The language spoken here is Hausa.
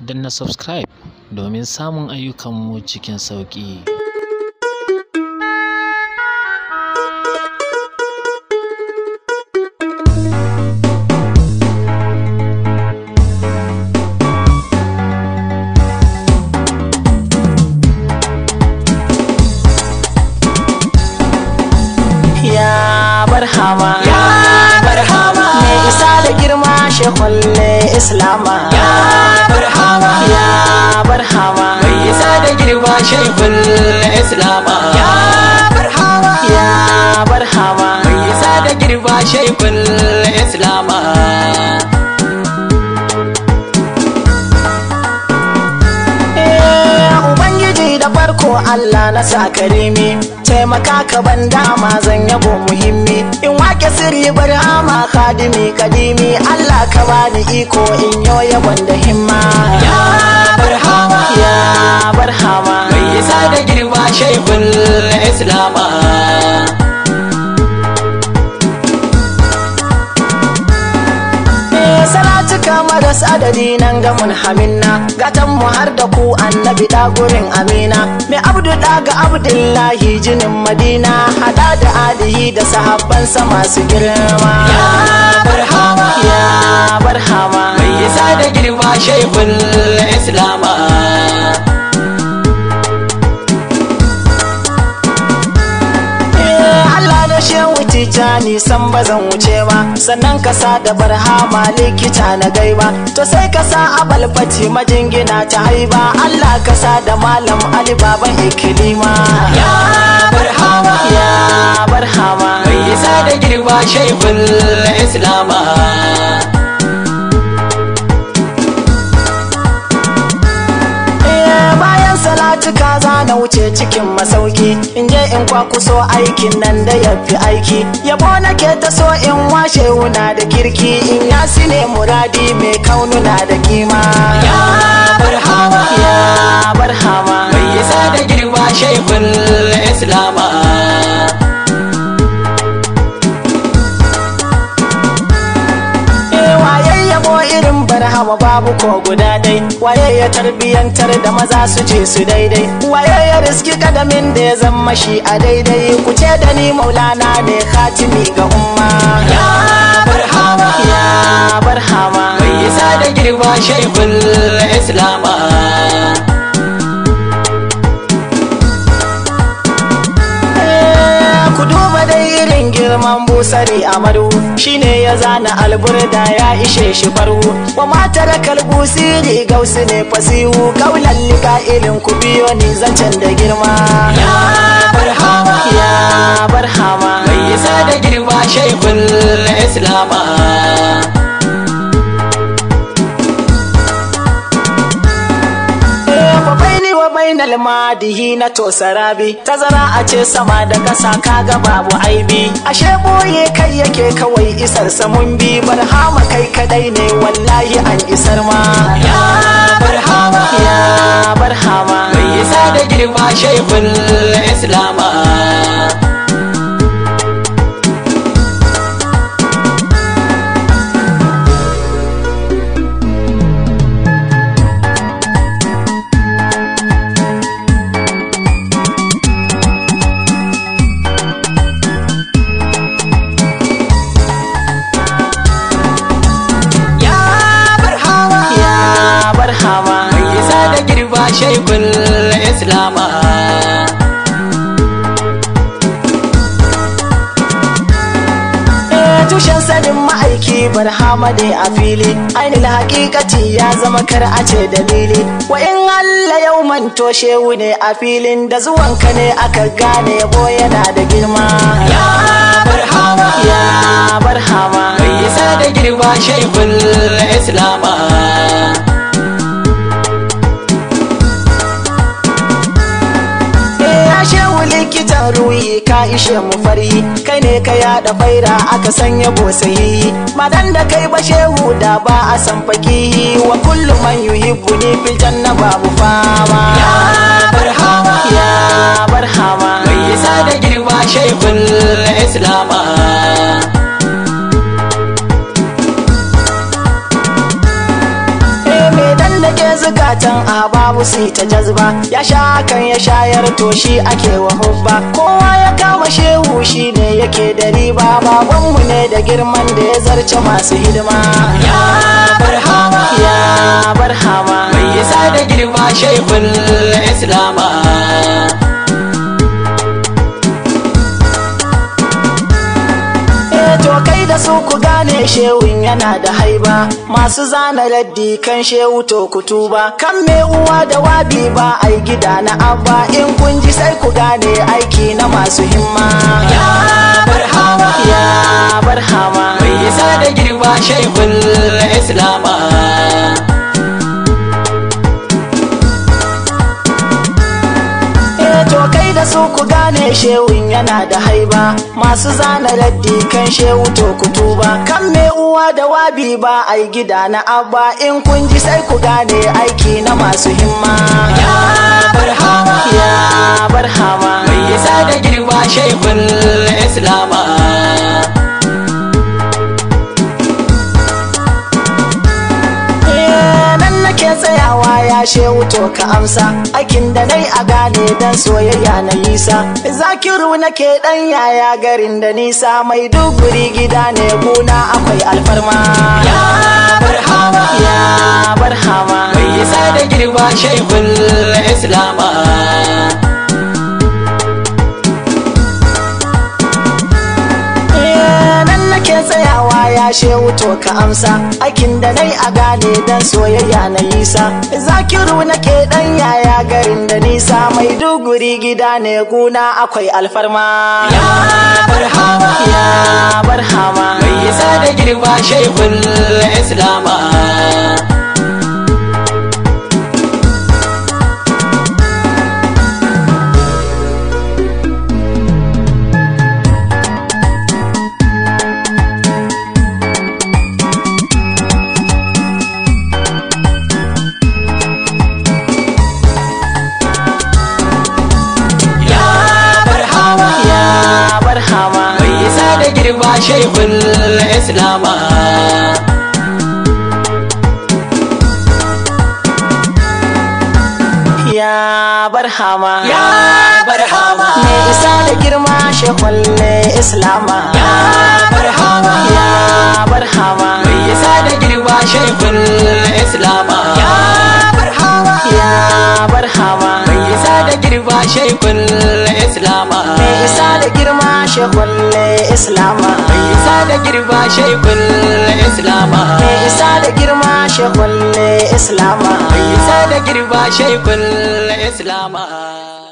na subscribe domin samun ayyukanmu cikin sauƙi. Ya barhama Me isa da girma shekwalle Islama Ya shehul islama ya barhawa ya barhawa mai isa da girba shehul eh, Allah na sa karimi taimaka ka ban dama zan yabo muhimmi in wake sirri bari ama kadimi kadimi Allah ka bani iko in yo yabon da himma sanadi nan ga mun haminna gatan mu har da ku annabi da gurin amina mai abdu da ga abdullahi jinin madina hada da alihi da sa masu girma ya barhama ya barhama mai yasa da girma shaykhul islama san ba zan wuce ba sannan kasa da barhama likita na gaiba to sai kasa sa majingina ta haiba Allah ka sa da malam Ali baban ikilima ya barhama ya barhama bai isa da girba shaifin islama cika za na wuce cikin masauki in je in kwakuso aikin nan da ya fi aiki yabo nake ta so in washe wuna da kirki in yasi ne muradi mai kaununa da kima ya bar waye ya tarbiyantar da maza su ce su daidai waye ya riski kadamin da ya zama shi a daidai ku ce da ni maulana ne khatimi ga umma ya barhama ya barhama mai isa da girma shaikul islama eh, ku duba da irin girman busari a madu shine ya zana alburda ya ishe shi farhu wa matar kalbusi siri gausu ne fasihu kaulan ilin ku biyo ni zancen da girma ya barhama ya barhama mai yasa da girma shaikul islama bainal madihi na tosarabi sarabi tazara a ce sama da kasa kaga babu aibi ashe boye kai yake kawai isar mun bi barhama kai kadai ne wallahi an isar ma ya barhama ya barhama mai isa da girma shaifin shaikul islama eh, tushen sanin ma'aiki barhama ne a fili ainihin hakikati ya zama kar a ce dalili wa in Allah yau manto shehu ne a filin da zuwanka ne aka gane yabo yana da girma ya hama. ya hama. bai isa da girma shaikul islama likitan ruhi ka ishe mu fari kai ne ka yada faira aka sanya bosayi madan da kai ba shehu da ba a san faki wa kullu man yuhibbu ni fil janna babu fama babu si ta jazba ya sha kan ya shayar to shi ake wa hubba kowa ya kama shehu shi ne yake da riba babanmu ne da girman da ya zarce masu hidima ya barhama ya barhama mai yasa da girma shehul islama kan shewin yana da haiba masu zana laddi kan shewu to kutuba kan me uwa da wabi ba ai gida na abba in kun ji sai ku gane aiki na masu himma ya barhama ya barhama mai yasa da girma islama so ku gane shewun yana da haiba masu zana raddi kan shewu to ku tuba kan me uwa da wabi ba ai gida na abba in kun ji sai ku gane aiki na masu himma ya barhama ya barhama mai yasa da girma shehun ya wuto ka amsa aikin da nai a gane dan soyayya na nisa zakiru nake dan yaya garin da nisa mai duburi gida ne buna akwai alfarma ya barhama ya barhama bai yasa da girba shaikul islama na wuto ka amsa aikin da nai a gane dan soyayya na nisa. zakiru nake dan yaya garin da nisa mai duguri gida ne guna akwai alfarma ya barhama ya barhama mai yasa da girma shehul islama شيخ الإسلام يا برهما يا برهما نيسان كرما شيخ الإسلام يا برهما يا برهما نيسان كرما شيخ الإسلام يا برهما يا برهما نيسان كرما شيخ الإسلام shekul islama mai isa da girma shekul islama mai isa da girma shekul islama mai isa da girma shekul islama